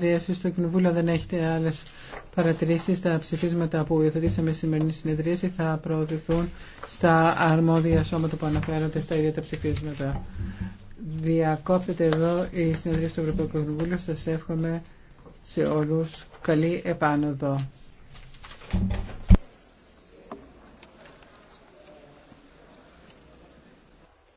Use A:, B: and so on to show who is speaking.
A: συνεδρίαση στο Κοινοβούλιο δεν έχετε άλλε παρατηρήσει. Τα ψηφίσματα που υιοθετήσαμε στη σημερινή συνεδρίαση θα προωθηθούν στα αρμόδια σώματα που αναφέρονται στα ίδια τα ψηφίσματα. Διακόπτεται εδώ η συνεδρία του Ευρωπαϊκού Κοινοβούλιο. Σα εύχομαι σε όλου καλή επάνωδο.